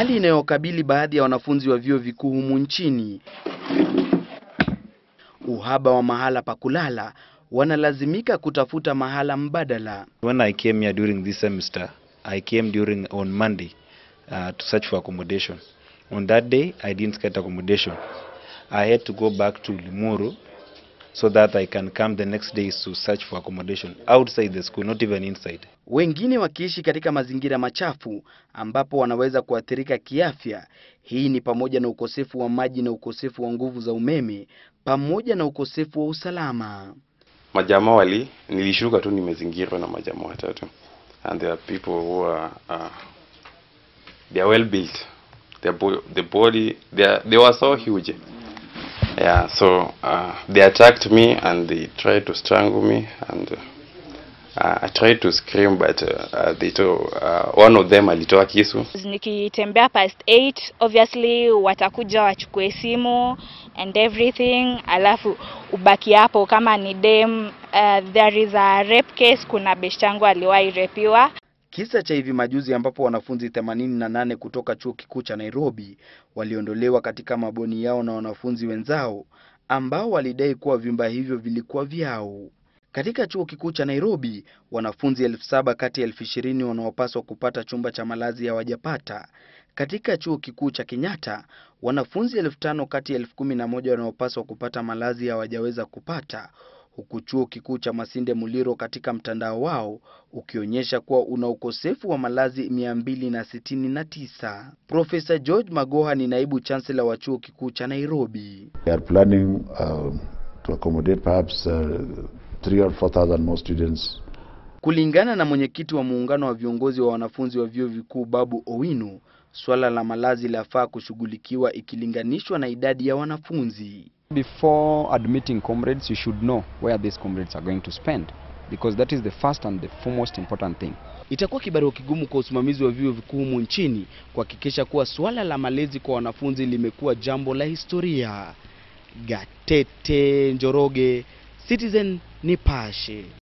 hali inayokabili baadhi ya wanafunzi wa vyuo vikuu humu nchini. Uhaba wa mahala pa kulala, wanalazimika kutafuta mahala mbadala. When I came here during this semester, I came during on Monday uh, to search for accommodation. On that day, I didn't get accommodation. I had to go back to Limuru so that I can come the next day to search for accommodation outside the school, not even inside wengine wakiishi katika mazingira machafu ambapo wanaweza kuathirika kiafya. Hii ni pamoja na ukosefu wa maji na ukosefu wa nguvu za umeme pamoja na ukosefu wa usalama. Majamaa wali nilishuka tu, nimezingirwa na majamaa watatu and there are people who are uh, they are well built the the body they are, they were so huge yeah so uh, they attacked me and they tried to strangle me and uh, Uh, I tried to scream but uh, uh they to, uh, one of them alitoa kisu. Nikitembea past 8 obviously watakuja wachukue simu and everything, alafu ubaki hapo kama ni dem. Uh, there is a rape case, kuna beshtangu aliwahi repiwa. Kisa cha hivi majuzi ambapo wanafunzi 88 kutoka chuo kikuu cha Nairobi waliondolewa katika maboni yao na wanafunzi wenzao ambao walidai kuwa vyumba hivyo vilikuwa vyao. Katika chuo kikuu cha Nairobi, wanafunzi elfu saba kati ya elfu ishirini wanaopaswa kupata chumba cha malazi hawajapata. Katika chuo kikuu cha Kenyatta, wanafunzi elfu tano kati ya elfu kumi na moja wanaopaswa kupata malazi hawajaweza kupata, huku chuo kikuu cha Masinde Muliro katika mtandao wao ukionyesha kuwa una ukosefu wa malazi 269. Profesa George Magoha ni naibu chancellor wa chuo kikuu cha Nairobi. They are planning, uh, to accommodate perhaps, uh, or more students. Kulingana na mwenyekiti wa muungano wa viongozi wa wanafunzi wa vyuo vikuu Babu Owino, swala la malazi lafaa kushughulikiwa ikilinganishwa na idadi ya wanafunzi. Before admitting comrades, you should know where these comrades are going to spend because that is the first and the foremost important thing. Itakuwa kibarua kigumu kwa usimamizi wa vyuo vikuu humu nchini kuhakikisha kuwa swala la malezi kwa wanafunzi limekuwa jambo la historia. Gatete Njoroge, Citizen Nipashe.